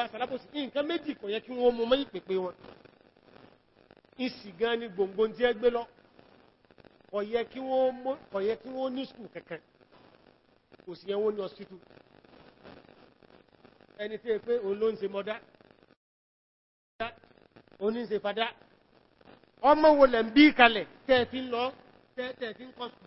bá sàlábòsí nǹkan méjì kò yẹ kí wọ́n mú mẹ́yìn pèpè wọn ìsì gan ni gbòǹgbò tí ẹ gbé lọ kò yẹ kí wọ́n ní skù kankan kò sí ẹwọ́n ní ọsítù ẹni tí è pé olóǹse mọ́dá oníṣe padà ọmọ wo lẹ̀ ń bí kalẹ̀ tẹ́ẹ̀ fi ń lọ tẹ́ẹ̀ fi ń kọ́ skù